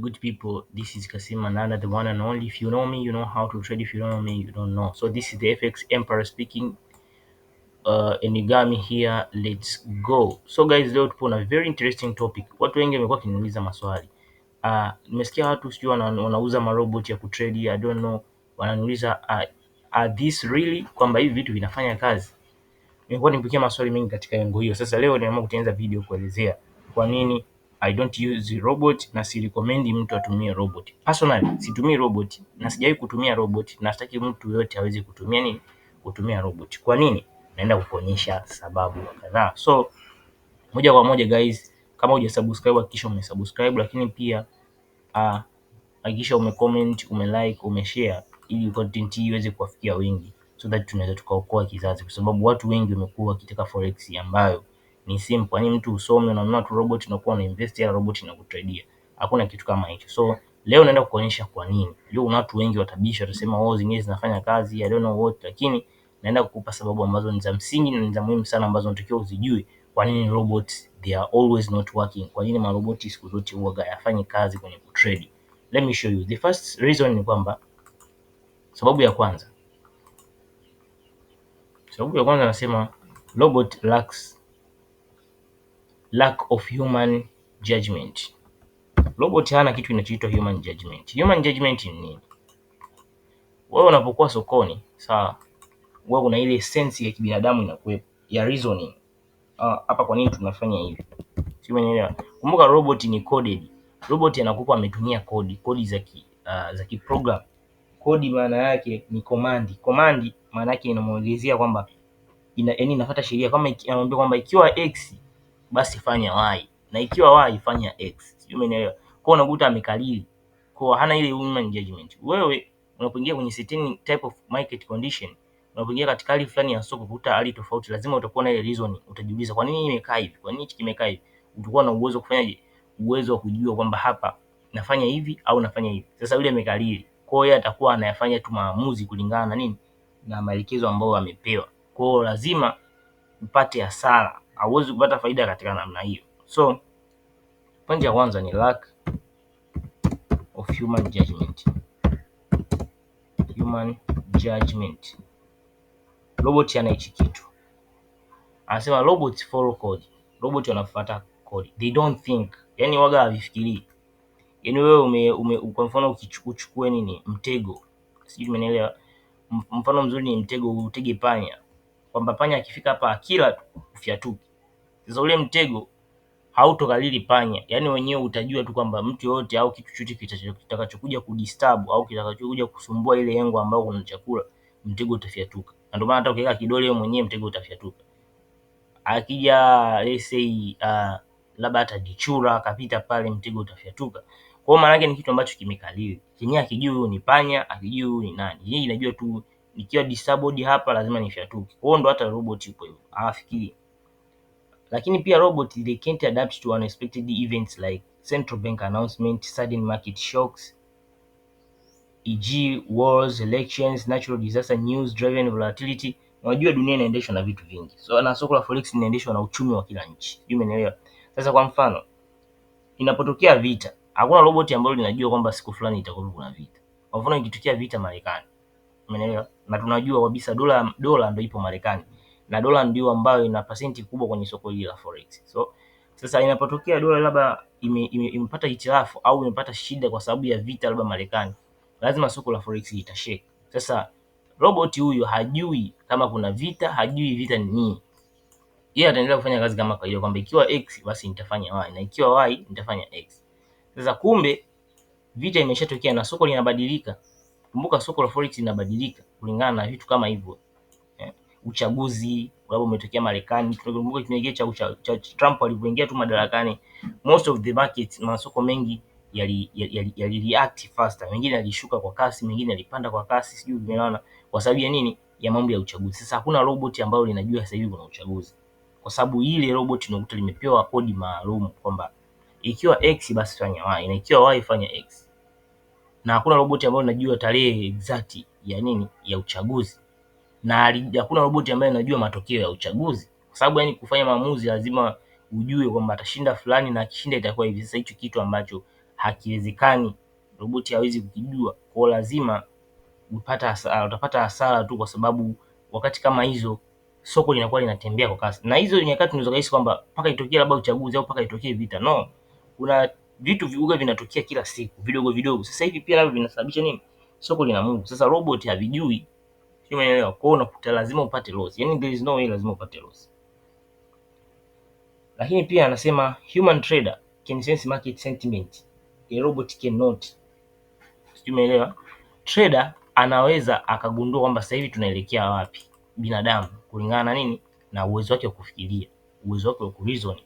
good people, this is Kasim manana the one and only. If you know me, you know how to trade. If you don't know me, you don't know. So this is the FX emperor speaking. Uh, Enigami here, let's go. So guys, leo tupo na very interesting topic. Watu wengi wamekuwa kiniuliza maswali. Uh, nimesikia watu sijui wanauza marobot ya kutrade, I don't know. Wananiuliza uh, are this really kwamba hivi vitu vinafanya kazi. Nimekuwa nimpikia maswali mengi katika lengo hiyo. Sasa leo nimeamua kutengeneza video kuelezea kwa nini I don't use robot na recommend mtu atumie robot. Personally situmii robot na sijawahi kutumia robot na sitaki mtu yote aweze kutumia nini, kutumia robot. Kwa nini? Naenda kukuonyesha sababu kadhaa. So moja kwa moja guys, kama hujasubscribe hakikisha umesubscribe, lakini pia uh, hakikisha umecomment, umelike, umeshare ili content hii iweze kuwafikia wengi so that tunaweza tukaokoa kizazi, kwa sababu watu wengi wamekuwa wakitaka forex ambayo ni simple, yani mtu usome unanunua tu robot unakuwa unainvest ya robot inakutradia. Hakuna kitu kama hicho. So leo naenda kukuonyesha kwa nini. Leo kuna watu wengi watabisha watasema wao oh, zingine zinafanya kazi I don't know what lakini naenda kukupa sababu ambazo ni za msingi na ni za muhimu sana ambazo unatakiwa uzijue kwa nini robot they are always not working. Kwa nini maroboti siku zote huwa hayafanyi kazi kwenye kutrade. Let me show you. The first reason ni kwamba sababu ya kwanza. Sababu ya kwanza nasema robot lacks lack of human judgment. Robot hana kitu kinachoitwa human judgment. Human judgment ni nini? Wewe unapokuwa sokoni sawa, wewe una ile sense ya kibinadamu inakuwepo ya reasoning Ah, hapa kwa nini tunafanya hivi? Si umenielewa. Kumbuka robot ni coded. Robot anakupa ametumia kodi, kodi za ki uh, za kiprogram. Kodi maana yake ni command. Command maana yake inamuelezea kwamba ina, yani inafuata sheria kama ikiambiwa kwamba ikiwa x basi fanya y na ikiwa y fanya x. Sio umeelewa? Kwa unakuta amekalili. Kwa hana ile human judgment. Wewe unapoingia kwenye certain type of market condition, unapoingia katika hali fulani ya soko kukuta hali tofauti, lazima utakuwa na ile reason, utajiuliza kwa nini imekaa hivi? Kwa nini hichi kimekaa hivi? Utakuwa na uwezo kufanyaje? Uwezo wa kujua kwamba hapa nafanya hivi au nafanya hivi. Sasa yule amekalili. Kwa hiyo atakuwa anayafanya tu maamuzi kulingana na nini? Na maelekezo ambayo amepewa. Kwa hiyo lazima upate hasara hauwezi kupata faida katika namna hiyo. So point ya kwanza ni lack of human judgment. Human judgment. Robot ana hichi kitu, anasema robots follow code. Robot wanafuata code, they don't think, yani waga havifikirii. Yani wewe kwa mfano ukichukue nini mtego, sijui umenielewa. Mfano mzuri ni mtego, utege panya, kwamba panya akifika hapa akila ufyatuke sasa ule mtego hautokalili panya, yaani wenyewe utajua tu kwamba mtu yoyote au kitu chochote kitakachokuja kudisturb au kitakachokuja kusumbua ile yengo ambayo kuna chakula, mtego utafyatuka. Na ndio maana hata ukiweka kidole wewe mwenyewe mtego utafyatuka. Akija let's say uh, labda hata kichura akapita pale, mtego utafyatuka. Kwa hiyo maana yake ni kitu ambacho kimekalili, chenyewe akijui huyu ni panya, akijui huyu ni nani, yeye inajua tu nikiwa disabled hapa lazima nifyatuke. Kwa hiyo ndo hata robot yupo hivyo, hawafikiri lakini pia robot they can't adapt to unexpected events like central bank announcement, sudden market shocks, e.g. wars, elections, natural disaster news, driven volatility. Unajua dunia inaendeshwa na vitu vingi. So na soko la forex linaendeshwa na uchumi wa kila nchi. Sijui umeelewa? Sasa kwa mfano, inapotokea vita, hakuna robot ambalo linajua kwamba siku fulani itakuwa kuna vita. Kwa mfano ikitokea vita Marekani. Umeelewa? Na tunajua kabisa dola dola ndio ipo Marekani na dola ndio ambayo ina pasenti kubwa kwenye soko hili la forex. So sasa inapotokea dola labda imepata hitilafu au imepata shida kwa sababu ya vita labda Marekani, lazima soko la forex litashake. Sasa robot huyu hajui kama kuna vita, hajui vita ni nini. Yeye ataendelea kufanya kazi kama kawaida kwamba ikiwa x basi nitafanya y na ikiwa y nitafanya x. Sasa kumbe vita imeshatokea na soko linabadilika. Kumbuka soko la forex linabadilika kulingana na vitu kama hivyo uchaguzi labda umetokea Marekani. Tunakumbuka kipindi cha, cha cha Trump alivyoingia tu madarakani, most of the market, masoko mengi yali, yali, yali yali react faster, mengine yalishuka kwa kasi, mengine yalipanda kwa kasi, sijui umeona, kwa sababu ya nini? Ya mambo ya uchaguzi. Sasa hakuna robot ambayo linajua sasa hivi kuna uchaguzi, kwa sababu ile robot unakuta limepewa kodi maalum kwamba ikiwa x basi fanya y na ikiwa y fanya x, na hakuna robot ambayo inajua tarehe exact ya nini ya uchaguzi na hakuna roboti ambaye anajua matokeo ya uchaguzi, kwa sababu yani kufanya maamuzi lazima ujue kwamba atashinda fulani na akishinda itakuwa hivi. Sasa hicho kitu ambacho hakiwezekani, roboti hawezi kujua, kwa lazima upata hasara, utapata hasara tu, kwa sababu wakati kama hizo soko linakuwa linatembea kwa kasi, na hizo nyakati unaweza kuhisi kwamba mpaka itokee labda uchaguzi au mpaka itokee vita. No, kuna vitu viuga vinatokea kila siku vidogo vidogo, sasa hivi pia labda vinasababisha nini, soko lina Mungu. Sasa roboti havijui si umeelewa? Kwa hiyo unakuta lazima upate loss, Yaani there is no way lazima upate loss. Lakini pia anasema human trader can sense market sentiment, a robot cannot. Sijui umeelewa? Trader anaweza akagundua kwamba sasa hivi tunaelekea wapi binadamu, kulingana na nini? Na uwezo wake wa kufikiria, uwezo wake wa kureason,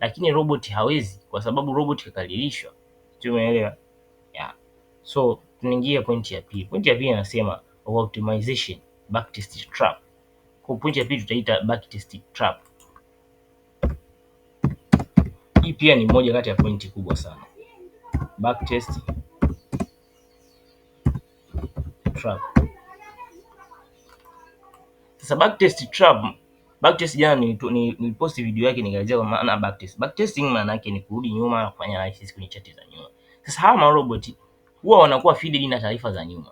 lakini robot hawezi, kwa sababu robot kakalilishwa. Sijui umeelewa? Yeah. So tunaingia pointi ya pili. Pointi ya pili anasema of optimization backtest trap. Kwa punje ya pili tutaita backtest trap. Hii pia ni moja kati ya pointi kubwa sana. Backtest trap. Sasa backtest trap, backtest jana ni, ni, ni niliposti video yake nikaelezea kwa maana backtest. Backtesting maana yake ni kurudi nyuma na kufanya analysis kwenye chati za nyuma. Sasa hawa marobot huwa wanakuwa feed na taarifa za nyuma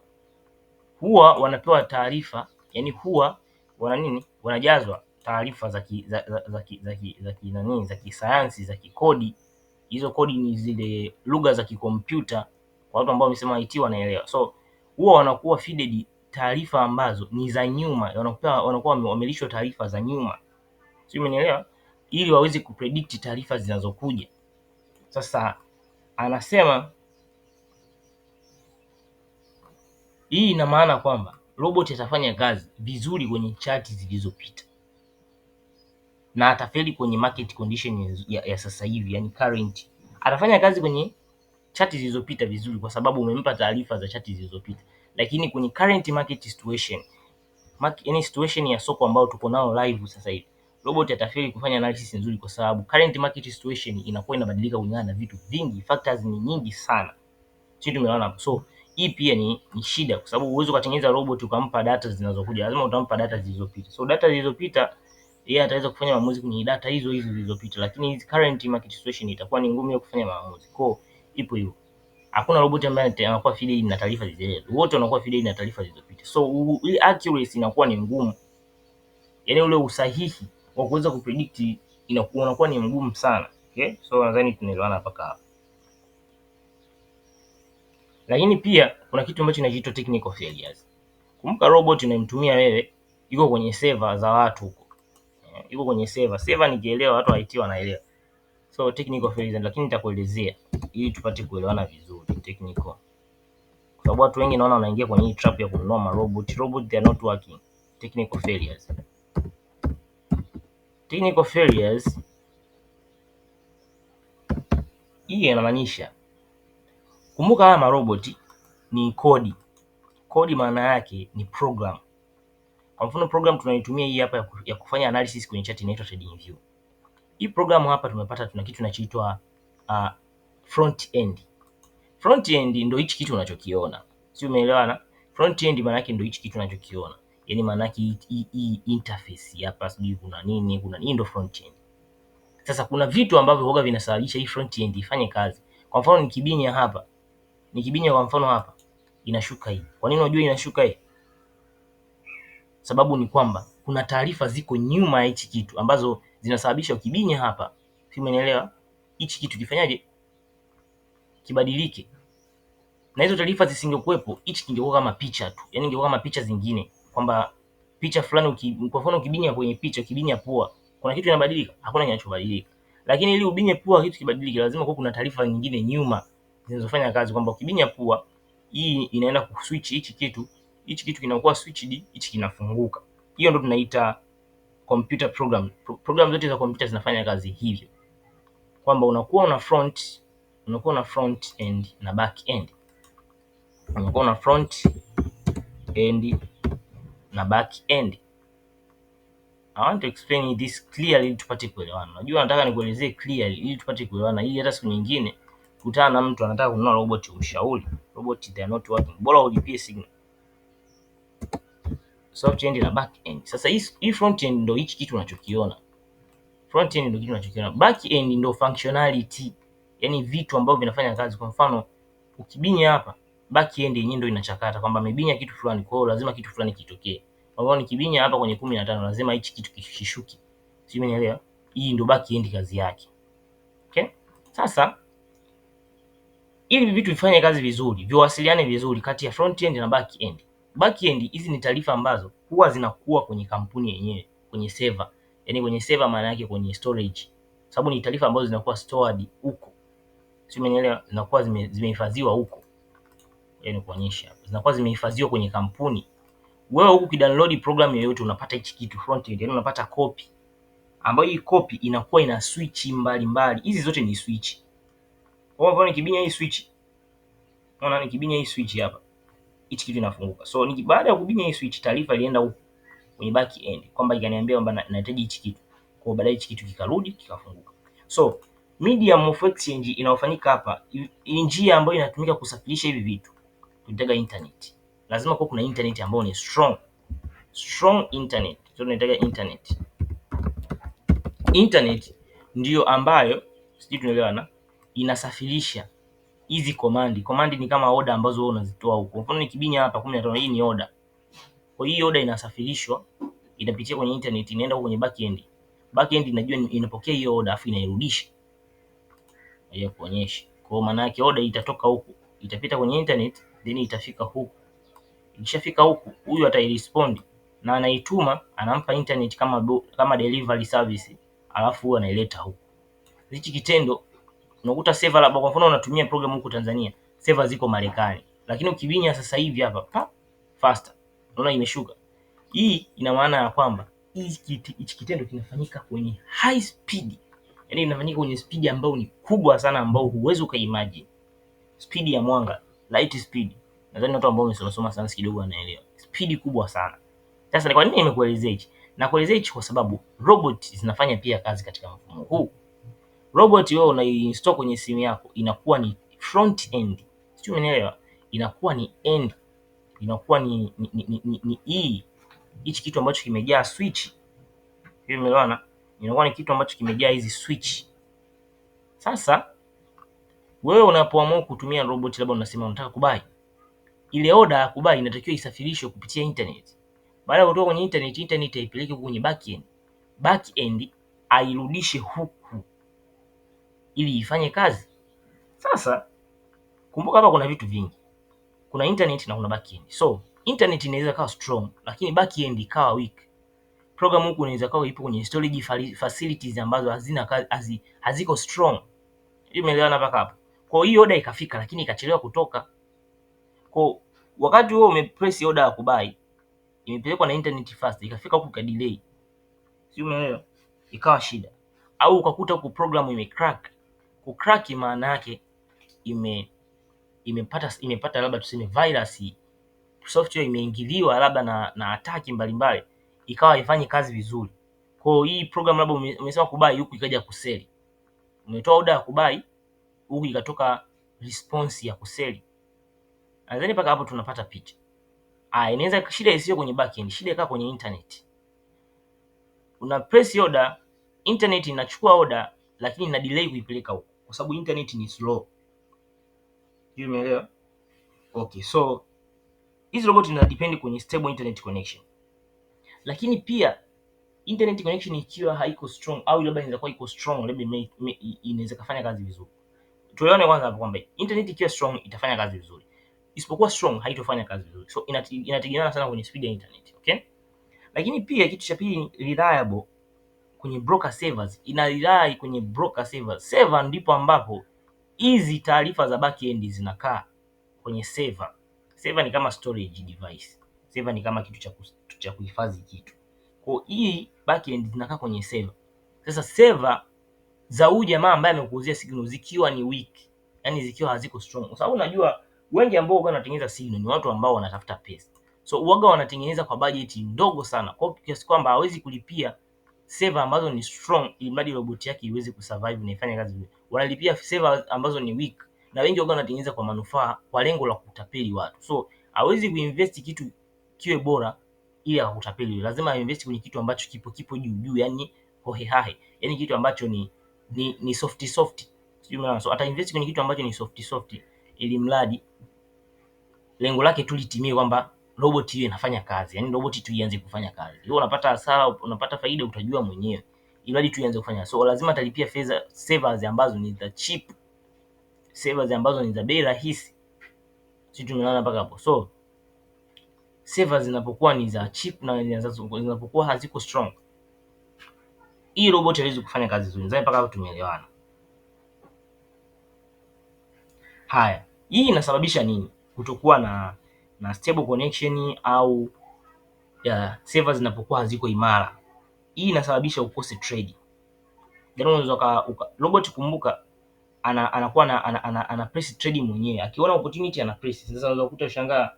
huwa wanapewa taarifa yani huwa wana nini wanajazwa taarifa za za kisayansi za kikodi. Hizo kodi ni zile lugha za kikompyuta kwa watu ambao wamesema IT wanaelewa. So huwa wanakuwa feeded taarifa ambazo ni za nyuma, wanakuwa wamelishwa taarifa za nyuma, sijui umenielewa, ili waweze kupredict taarifa zinazokuja. Sasa anasema Hii ina maana kwamba robot atafanya kazi vizuri kwenye chati zilizopita na atafeli kwenye market condition ya, ya sasa hivi yani current. Atafanya kazi kwenye chati zilizopita vizuri kwa sababu umempa taarifa za chati zilizopita, lakini kwenye current market situation yani situation ya soko ambayo tuko nao live sasa hivi robot atafeli kufanya analysis nzuri kwa sababu current market situation inakuwa inabadilika kulingana na vitu vingi, factors ni nyingi sana, sisi tumeona hapo so hii pia ni, ni shida kwa sababu uwezo ukatengeneza robot ukampa data zinazokuja, lazima utampa data zilizopita. So data zilizopita yeye ataweza kufanya maamuzi kwenye data hizo hizo zilizopita, lakini hizi current market situation itakuwa ni ngumu ya kufanya maamuzi. Kwa ipo hiyo, hakuna robot ambaye anakuwa feed na taarifa zile, wote wanakuwa feed na taarifa zilizopita. So hii accuracy inakuwa ni ngumu, yani ule usahihi wa kuweza kupredict inakuwa ni mgumu sana. Okay, so nadhani tunaelewana mpaka hapa. Lakini pia kuna kitu ambacho kinaitwa technical failures. Kumbuka robot unayemtumia wewe iko kwenye server za watu huko. Eh, iko kwenye server. Server nikielewa watu wa IT wanaelewa. So technical failures lakini nitakuelezea ili tupate kuelewana vizuri technical. Kwa sababu watu wengi naona wanaingia kwenye hii trap ya kununua ma robot. Robot they are not working. Technical failures. Technical failures hii inamaanisha Kumbuka haya marobot ni kodi. Kodi maana yake ni program. Kwa mfano program tunaitumia hii hapa ya kufanya analysis kwenye chart inaitwa TradingView. Hii program hapa tumepata tuna kitu kinachoitwa uh, front end. Front end ndio hichi kitu unachokiona. Si umeelewana? Front end maana yake ndio hichi kitu unachokiona. Yaani maana yake hii interface hapa sijui kuna nini, kuna nini ndio front end. Sasa kuna vitu ambavyo huoga vinasababisha hii front end ifanye kazi. Kwa mfano nikibinya hapa Nikibinya kwa mfano hapa inashuka hii. Kwa nini unajua inashuka hii? Sababu ni kwamba kuna taarifa ziko nyuma ya hichi kitu ambazo zinasababisha ukibinya hapa, si umeelewa? Hichi kitu kifanyaje? Kibadilike. Na hizo taarifa zisingekuwepo, hichi kingekuwa kama picha tu. Yaani ingekuwa kama picha zingine kwamba picha fulani uki, kwa mfano ukibinya kwenye picha, ukibinya pua, kuna kitu inabadilika? Hakuna kinachobadilika. Lakini ili ubinye pua kitu kibadilike lazima kuwe kuna taarifa nyingine nyuma zinazofanya kazi kwamba ukibinya pua hii inaenda kuswitch hichi kitu, hichi kitu kinakuwa switched, hichi kinafunguka. Hiyo ndio tunaita computer program. Pro Program zote za kompyuta zinafanya kazi hivyo kwamba unakuwa una front, unakuwa una front end na back end, unakuwa una front end na back end. I want to explain this clearly ili tupate kuelewana. Unajua, nataka nikuelezee clearly ili tupate kuelewana, ili hata siku nyingine kutana na mtu anataka kununua robot ushauri robot they are not working, bora ulipie signal soft end na back end. Sasa hii front end ndio hichi kitu unachokiona, front end ndio kitu unachokiona, back end ndio functionality, yani vitu ambavyo vinafanya kazi. Kwa mfano ukibinya hapa, back end yenyewe ndio inachakata kwamba amebinya kitu fulani, kwa hiyo lazima kitu fulani kitokee. Kwa hiyo nikibinya hapa kwenye 15 lazima hichi kitu kishuki, sio? Umeelewa? Hii ndio back end kazi yake. Okay, sasa ili vitu vifanye kazi vizuri, viwasiliane vizuri kati ya front end na back end. Back end hizi ni taarifa ambazo huwa zinakuwa kwenye kampuni yenyewe, kwenye server. Yaani kwenye server maana yake kwenye storage. Sababu ni taarifa ambazo zinakuwa stored huko. Sio mwenyewe Zinakuwa zimehifadhiwa huko. Yaani kuonyesha, zinakuwa zimehifadhiwa kwenye kampuni. Wewe huku ukidownload program yoyote unapata hichi kitu front end, yaani unapata copy ambayo hii copy inakuwa ina switch mbalimbali. Hizi zote ni switch. Kwa nikibinya hii switch, unaona nikibinya hii switch hapa. Hichi kitu inafunguka. So niki baada ya kubinya hii switch taarifa ilienda huko kwenye back end kwamba ikaniambia kwamba nahitaji hichi kitu. Kwa baadaye hichi kitu kikarudi kikafunguka. So medium of exchange inayofanyika hapa ni njia ambayo inatumika kusafirisha hivi vitu. Tunataka internet. Lazima kuwa kuna internet ambayo ni strong. Strong internet. So Tunataka internet. Internet ndiyo ambayo sijui tunaelewana inasafirisha hizi komandi. Komandi ni kama oda ambazo wewe unazitoa huko. Kwa mfano nikibinya hapa 15 hii ni oda. Kwa hiyo oda inasafirishwa, inapitia kwenye internet, inaenda huko kwenye backend. Backend inajua inapokea hiyo oda afu inairudisha. Ya kuonyesha. Kwa hiyo maana yake oda itatoka huko, itapita kwenye internet then itafika huko. Ikishafika huko huyu atairespond na anaituma, anampa internet kama kama delivery service, alafu huyu anaileta huko. Hichi kitendo unakuta server labda kwa mfano unatumia program huko Tanzania, server ziko Marekani, lakini ukibinya sasa hivi hapa pa faster, unaona imeshuka. Hii ina maana ya kwamba hichi kitendo kinafanyika kwenye high speed, yani inafanyika kwenye speed ambayo ni kubwa sana, ambayo huwezi ukaimagine. Speed ya mwanga light speed, nadhani watu ambao wamesoma soma sayansi kidogo wanaelewa speed kubwa sana. Sasa ni kwa nini nimekuelezea hichi? Nakuelezea hichi kwa sababu robot zinafanya pia kazi katika mfumo huu. Robot wewe unaiinstall kwenye simu yako inakuwa ni front end, sijui umenielewa, inakuwa ni end, inakuwa ni ni, ni, ni e hichi kitu ambacho kimejaa switch, hiyo umeelewana, inakuwa ni kitu ambacho kimejaa hizi switch. Sasa wewe unapoamua kutumia robot, labda unasema unataka kubai ile oda kubai inatakiwa isafirishwe kupitia internet. Baada ya kutoka kwenye internet, internet haipeleki kwenye back end, back end airudishe huku ili ifanye kazi. Sasa kumbuka, hapa kuna vitu vingi, kuna internet na kuna backend. So internet inaweza kawa strong, lakini backend ikawa weak. Program huku inaweza kawa ipo kwenye storage facilities ambazo hazina kazi, haziko strong. Hiyo umeelewana hapa hapo? Kwa hiyo order ikafika, lakini ikachelewa kutoka. Kwa wakati wewe umepress order ya kubai, imepelekwa na internet fast, ikafika huku ka delay, si umeelewa? Ikawa shida, au ukakuta huku program imecrack kukraki maana yake ime imepata imepata labda tuseme virus software imeingiliwa labda na, na ataki mbalimbali ikawa haifanyi kazi vizuri. Kwa hiyo hii program labda umesema kubai huku ikaja kuseli. Umetoa order ya kubai huku ikatoka response ya kuseli. Nadhani paka hapo tunapata picha. Ah, inaweza shida isiyo kwenye backend, shida ikaa kwenye internet. Una press order, internet inachukua order lakini ina delay kuipeleka huko kwa sababu internet ni slow. Hiyo umeelewa? Okay, so hizi robot zina depend kwenye stable internet connection, lakini pia internet connection ikiwa haiko strong au labda inaweza kuwa iko strong, labda inaweza kufanya kazi vizuri. Tuelewane kwanza hapo kwamba internet ikiwa strong itafanya kazi vizuri, isipokuwa strong haitofanya kazi vizuri. So inategemeana sana kwenye speed ya internet, okay? Lakini pia kitu cha pili reliable kwenye broker servers, inarely kwenye broker servers. Server ndipo ambapo hizi taarifa za backend zinakaa kwenye server. Server ni kama storage device. Server ni kama kitu cha kuhifadhi kitu. Kwa hii backend zinakaa kwenye server. Sasa server za huyu jamaa ambaye amekuuzia signal zikiwa ni weak, yani zikiwa haziko strong, kwa sababu unajua wengi ambao wanatengeneza signal ni watu ambao wanatafuta pesa, so uoga wanatengeneza kwa budget ndogo sana, kwa kiasi kwamba hawezi kulipia seva ambazo ni strong, mradi roboti yake iweze kusurvive na ifanye kazi vizuri. Wanalipia seva ambazo ni weak, na wengi wao wanatengeneza kwa manufaa, kwa lengo la kutapeli watu. So hawezi kuinvest kitu kiwe bora ili akutapeli lazima ainvest kwenye kitu ambacho kipo kipo juu juu, yani hohehahe, yani kitu ambacho ni ni, ni soft soft. So atainvest kwenye kitu ambacho ni soft soft, ili mradi lengo lake tulitimie kwamba robot hiyo inafanya kazi, yani robot tu ianze kufanya kazi. Wewe unapata hasara, unapata faida, utajua mwenyewe, ili tu ianze kufanya. So lazima atalipia fedha servers ambazo ni za cheap, servers ambazo ni za bei rahisi. Sisi tumeona mpaka hapo. So servers zinapokuwa ni za cheap na zinapokuwa haziko strong, hii robot haiwezi kufanya kazi nzuri. Mpaka hapo tumeelewana. Haya, hii inasababisha nini? Kutokuwa na na stable connection au ya server zinapokuwa haziko imara. Hii inasababisha ukose trade. Yaani unaweza ka robot, kumbuka ana anakuwa ana, ana, ana, ana press trade mwenyewe. Akiona opportunity ana press. Sasa unaweza kukuta ushangaa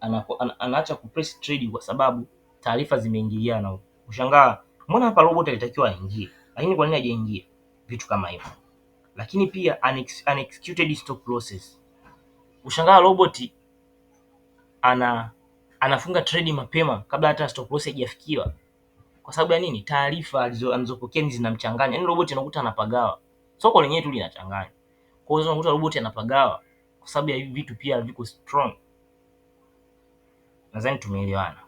anaacha ana, ana, ana ku press trade kwa sababu taarifa zimeingiliana. Ushangaa mbona hapa robot alitakiwa aingie? Lakini kwa nini hajaingia? Vitu kama hivyo. Lakini pia unex, unexecuted stop losses. Ushangaa robot ana anafunga trade mapema kabla hata stop loss haijafikiwa. Kwa sababu ya nini? Taarifa alizopokea ni zinamchanganya. Yaani robot inakuta anapagawa. Soko lenyewe tu linachanganya. Kwa hiyo unakuta robot anapagawa kwa sababu ya hivi vitu pia viko strong. Nadhani tumeelewana.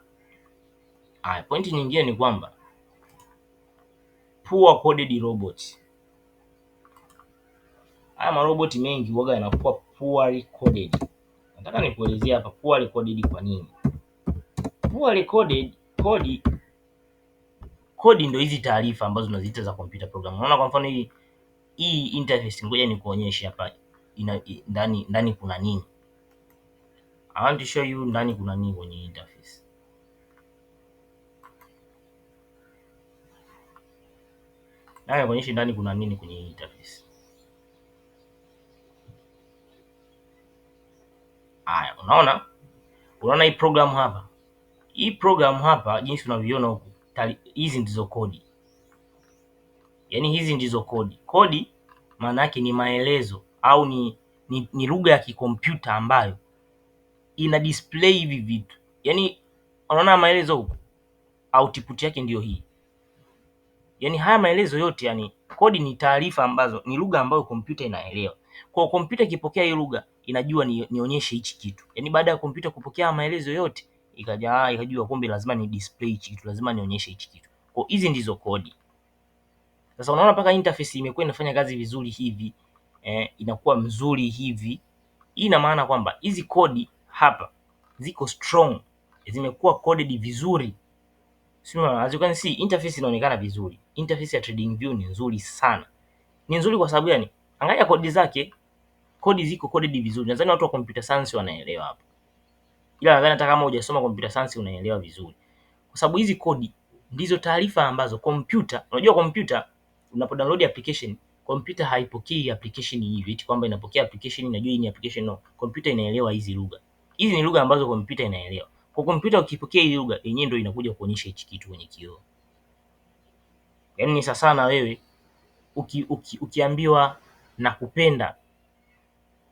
Haya, pointi nyingine ni kwamba poor coded robot. Haya maroboti mengi huwa yanakuwa poorly coded nataka nikuelezea hapa kuwa recorded kwa nini. Kuwa recorded kodi kodi ndio hizi taarifa ambazo tunaziita za computer program. Unaona kwa mfano hii hii interface, ngoja nikuonyeshe hapa ina ndani ndani kuna nini. I want to show you ndani kuna nini kwenye interface. Naye kuonyesha ndani kuna nini kwenye interface. Haya, unaona unaona hii program hapa, hii program hapa, jinsi unavyoona huku, hizi ndizo kodi, yaani hizi ndizo kodi. Kodi maana yake ni maelezo au ni, ni, ni lugha ya kikompyuta ambayo ina display hivi vitu, yaani unaona maelezo huku, output yake ndiyo hii, yaani haya maelezo yote, yani kodi ni taarifa ambazo ni lugha ambayo kompyuta inaelewa. Kwa kompyuta ikipokea hii lugha inajua nionyeshe hichi kitu. Yaani baada ya kompyuta kupokea maelezo yote ikaja ah, ikajua kumbe lazima ni display hichi kitu, lazima nionyeshe hichi kitu. Kwa hizi ndizo kodi. Sasa unaona paka interface imekuwa inafanya kazi vizuri hivi eh, inakuwa mzuri hivi. Hii ina maana kwamba hizi kodi hapa ziko strong, zimekuwa coded vizuri. Sio, as you can see interface inaonekana vizuri. Interface ya TradingView ni nzuri sana. Ni nzuri kwa sababu gani? Angalia kodi zake kodi ziko coded vizuri. Nadhani watu wa computer science wanaelewa hapo, ila nadhani hata kama hujasoma computer science unaelewa vizuri, kwa sababu hizi kodi ndizo taarifa ambazo kompyuta, unajua kompyuta unapo download application kompyuta haipokei application hivi eti kwamba inapokea application inajua hii ni application no. Kompyuta inaelewa hizi lugha, hizi ni lugha ambazo kompyuta inaelewa. Kwa kompyuta ukipokea hii lugha yenyewe ndio inakuja kuonyesha hichi kitu kwenye kioo. Yaani ni sawa na wewe uki, uki, ukiambiwa na kupenda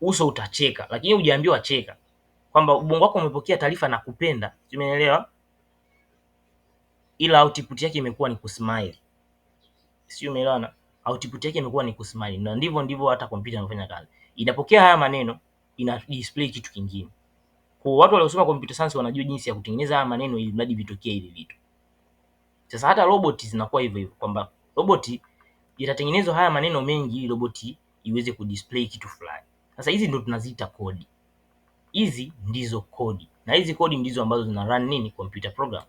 uso utacheka, lakini hujaambiwa cheka, kwamba ubongo wako umepokea taarifa na kupenda, umeelewa, ila output yake imekuwa ni kusmile, sio? Umeelewana? Output yake imekuwa ni kusmile, na ndivyo ndivyo hata kompyuta inafanya kazi, inapokea haya maneno, ina display kitu kingine. Kwa watu waliosoma computer science wanajua jinsi ya kutengeneza haya maneno ili mradi vitokee hivi vitu. Sasa hata roboti zinakuwa hivyo hivyo kwamba roboti itatengenezwa haya maneno mengi ili roboti iweze kudisplay kitu fulani. Sasa hizi ndo tunaziita kodi. Hizi ndizo kodi, na hizi kodi ndizo ambazo zina run nini computer program.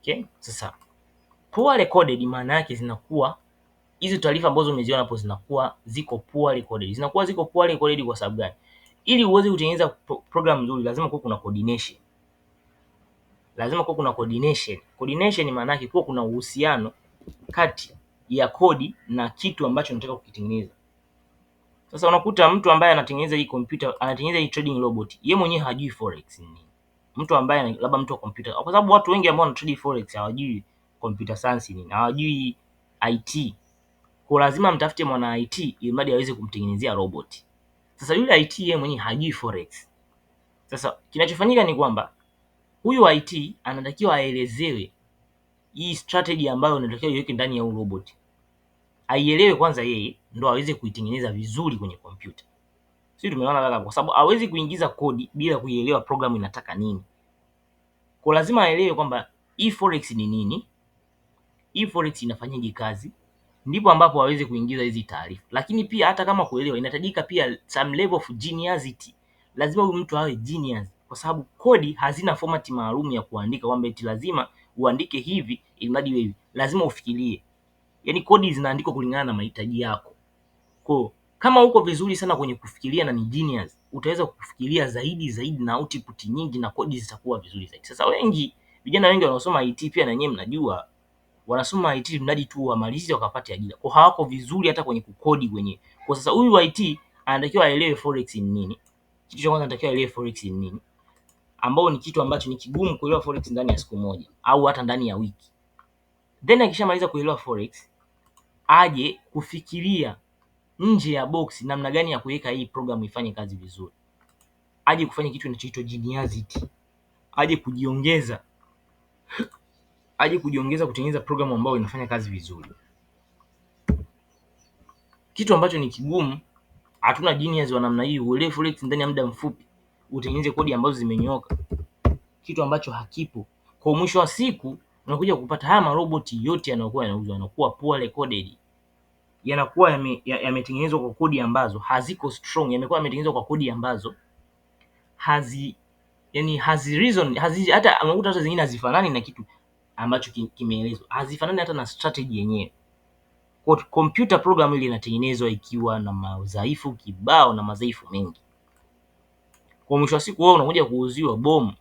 Okay? Sasa poor recorded maana yake zinakuwa hizi taarifa ambazo umeziona hapo zinakuwa ziko poor recorded. Zinakuwa ziko poor recorded kwa sababu gani? Ili uweze kutengeneza program nzuri lazima kuwe kuna coordination. Lazima kuwe kuna coordination. Coordination maana yake kuwa kuna uhusiano kati ya kodi na kitu ambacho unataka kukitengeneza. Sasa unakuta mtu ambaye anatengeneza hii computer, anatengeneza hii trading robot, yeye mwenyewe hajui forex ni nini. Mtu ambaye labda mtu wa computer, kwa sababu watu wengi ambao wanatrade forex hawajui computer science ni nini, hawajui IT. Kwa lazima mtafute mwana IT ili mradi aweze kumtengenezea robot. Sasa yule IT yeye mwenyewe hajui forex. Sasa kinachofanyika ni kwamba huyu IT anatakiwa aelezewe hii strategy ambayo unatakiwa iweke ndani ya huu robot aielewe kwanza yeye ndo aweze kuitengeneza vizuri kwenye kompyuta. Sisi tumeona dada, kwa sababu hawezi kuingiza kodi bila kuielewa programu inataka nini. Kwa lazima aelewe kwamba eForex ni nini, eForex inafanyaje kazi, ndipo ambapo aweze kuingiza hizi taarifa. Lakini pia hata kama kuelewa, inahitajika pia some level of geniusity. Lazima huyu mtu awe genius, kwa sababu kodi hazina format maalum ya kuandika kwamba eti lazima uandike hivi ili mradi hivi. Lazima ufikirie. Yaani kodi zinaandikwa kulingana na mahitaji yako. Kwa kama uko vizuri sana kwenye kufikiria na ni genius, utaweza kufikiria zaidi zaidi na output nyingi na kodi zitakuwa vizuri zaidi. Sasa wengi, vijana wengi wanaosoma IT pia na nyinyi mnajua wanasoma IT mradi tu wamalize wakapate ajira. Kwa hawako vizuri hata kwenye kukodi kwenye. Kwa sasa huyu IT anatakiwa aelewe forex ni nini? Kitu cha kwanza anatakiwa aelewe forex ni nini? Ambao ni kitu ambacho ni kigumu kuelewa forex ndani ya siku moja au hata ndani ya wiki. Then akishamaliza kuelewa forex, aje kufikiria nje ya box namna gani ya kuweka hii program ifanye kazi vizuri, aje kufanya kitu kinachoitwa geniality, aje kujiongeza, aje kujiongeza kutengeneza program ambayo inafanya kazi vizuri, kitu ambacho ni kigumu. Hatuna genius wa namna hii urefu ndani ya muda mfupi utengeneze kodi ambazo zimenyoka kitu ambacho hakipo. Kwa mwisho wa siku unakuja kupata haya maroboti yote yanayokuwa yanauzwa yanakuwa poor recorded, yanakuwa yametengenezwa ya kwa kodi ambazo haziko strong, yamekuwa yametengenezwa kwa kodi ambazo hazi yani hazi reason hazi hata unakuta hata zingine hazifanani na kitu ambacho kimeelezwa, hazifanani hata na strategy yenyewe. Kwa computer program ile inatengenezwa ikiwa na madhaifu kibao na madhaifu mengi, kwa mwisho wa siku wewe unakuja kuuziwa bomu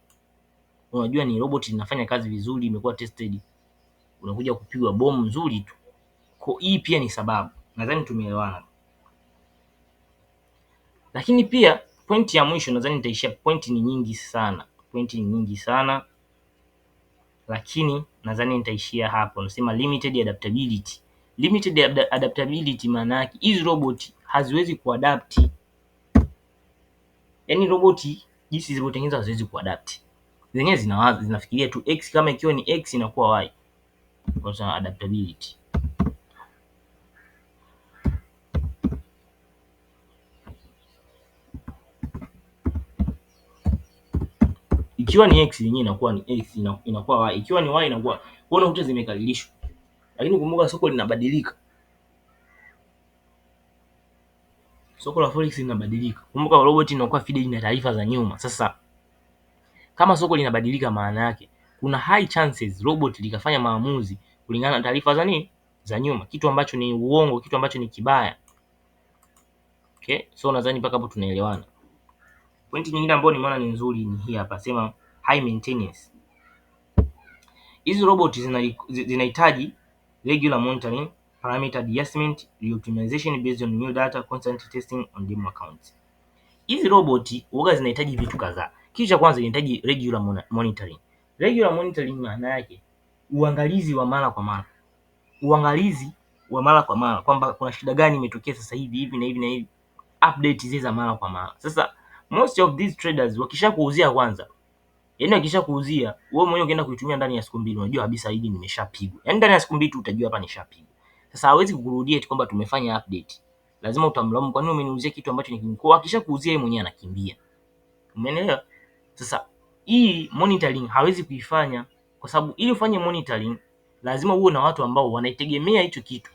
unajua ni robot inafanya kazi vizuri, imekuwa tested, unakuja kupigwa bomu nzuri tu. Kwa hii pia ni sababu, nadhani tumeelewana. Lakini pia pointi ya mwisho nadhani nitaishia, pointi ni nyingi sana, pointi ni nyingi sana lakini nadhani nitaishia hapo. Nasema limited adaptability. Limited adaptability maana yake hizi robot haziwezi kuadapti, yaani roboti jinsi zilivyotengenezwa haziwezi kuadapti zenyewe zinawaza zinafikiria tu x kama ikiwa ni x inakuwa y kwa adaptability ikiwa ni x yenyewe inakuwa ni x inakuwa y, ikiwa ni y inakuwa. kuona hiyo zimekalilishwa, lakini kumbuka soko linabadilika, soko la forex linabadilika. Kumbuka robot inakuwa feed na taarifa za nyuma sasa kama soko linabadilika maana yake kuna high chances robot likafanya maamuzi kulingana na taarifa za nini za nyuma, kitu ambacho ni uongo, kitu ambacho ni kibaya. Okay, so nadhani mpaka hapo tunaelewana. Pointi nyingine ambayo nimeona ni nzuri ni hii hapa, sema high maintenance. Hizi robot zinahitaji regular monitoring, parameter adjustment, reoptimization based on new data, constant testing on demo accounts. Hizi robot huwa zinahitaji vitu kadhaa. Kitu cha kwanza inahitaji regular monitoring. Regular monitoring maana yake uangalizi wa mara kwa mara, uangalizi wa mara kwa mara kwamba kuna shida gani imetokea sasa hivi hivi na hivi na hivi, update zile za mara kwa mara. Sasa most of these traders wakishakuuzia kwanza, yani wakishakuuzia wewe mwenyewe ukienda kuitumia ndani ya siku mbili, unajua kabisa hili nimeshapigwa, yani ndani ya siku mbili tu utajua hapa nishapigwa. Sasa hawezi kukurudia eti kwamba tumefanya update, lazima utamlaumu, kwa nini umeniuzia kitu ambacho ni kwa. Akishakuuzia yeye mwenyewe anakimbia, umeelewa? Sasa hii monitoring hawezi kuifanya kwa sababu ili ufanye monitoring lazima uwe na watu ambao wanaitegemea hicho kitu,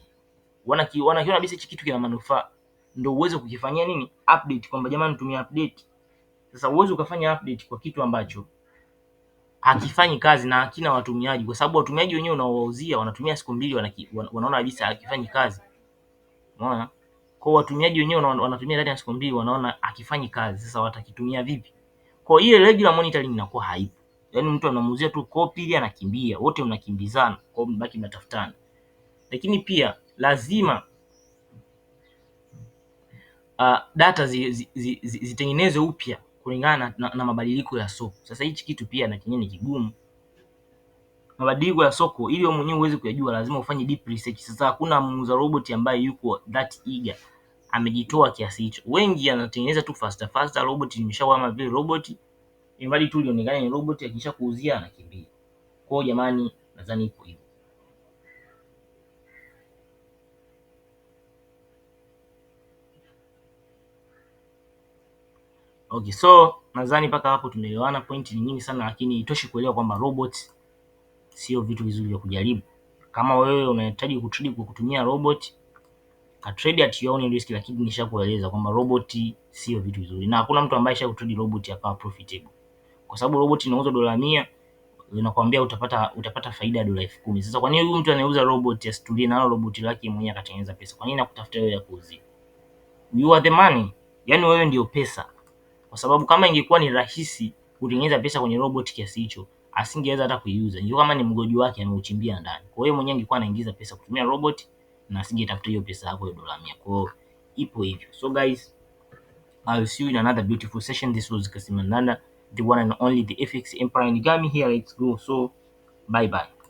wanakiona kabisa hicho kitu kina manufaa, ndio uweze kukifanyia nini update, kwamba jamani, tumia update. Sasa uweze ukafanya update kwa kitu ambacho hakifanyi kazi na hakina watumiaji, kwa sababu watumiaji wenyewe unaowauzia wanatumia siku mbili, wanaona kabisa hakifanyi kazi. Unaona, kwa watumiaji wenyewe wanatumia ndani ya siku mbili, wanaona hakifanyi kazi. Sasa watakitumia vipi? Kwa hiyo ile regular monitoring inakuwa haipo. Yaani mtu anamuuzia tu copy ili anakimbia, wote mnakimbizana, kwa hiyo mbaki mnatafutana. Lakini pia lazima uh, data zitengenezwe zi, zi, zi upya kulingana na, na mabadiliko ya soko. Sasa hichi kitu pia na kinyenye ni kigumu. Mabadiliko ya soko ili wewe mwenyewe uweze kuyajua lazima ufanye deep research. Sasa hakuna muuza robot ambaye yuko that eager amejitoa kiasi hicho. Wengi anatengeneza tu faster faster robot, nimeshaona kama vile robot, imradi tu ionekane ni robot, akisha kuuzia anakimbia. Kwa hiyo jamani, nadhani ipo hivyo. Okay, so nadhani mpaka hapo tumeelewana. Point ni nyingi sana lakini itoshi kuelewa kwamba robot sio vitu vizuri vya kujaribu. Kama wewe unahitaji kutrade kwa kutumia robot ka trade at your own risk, lakini nishakueleza kwamba robot sio vitu vizuri, na hakuna mtu ambaye trade robot akawa profitable, kwa sababu robot inauza dola 100 linakwambia utapata utapata faida ya dola 10000. Sasa kwa nini huyu mtu anayeuza robot asitulie nalo robot lake mwenyewe akatengeneza pesa? Kwa nini nakutafuta wewe ya kuuzia? You are the money, yani wewe ndio pesa, kwa sababu kama ingekuwa ni rahisi kutengeneza pesa kwenye robot kiasi hicho asingeweza hata kuiuza. Ndio kama ni mgodi wake ameuchimbia ndani, kwa hiyo mwenyewe angekuwa anaingiza pesa kutumia robot na tafuta hiyo pesa yako ya dola 100. Kwa ipo hivyo. So guys, I'll see you in another beautiful session. This was Kassim the one and only, the FX Empire Nigami here. Let's go. So bye bye.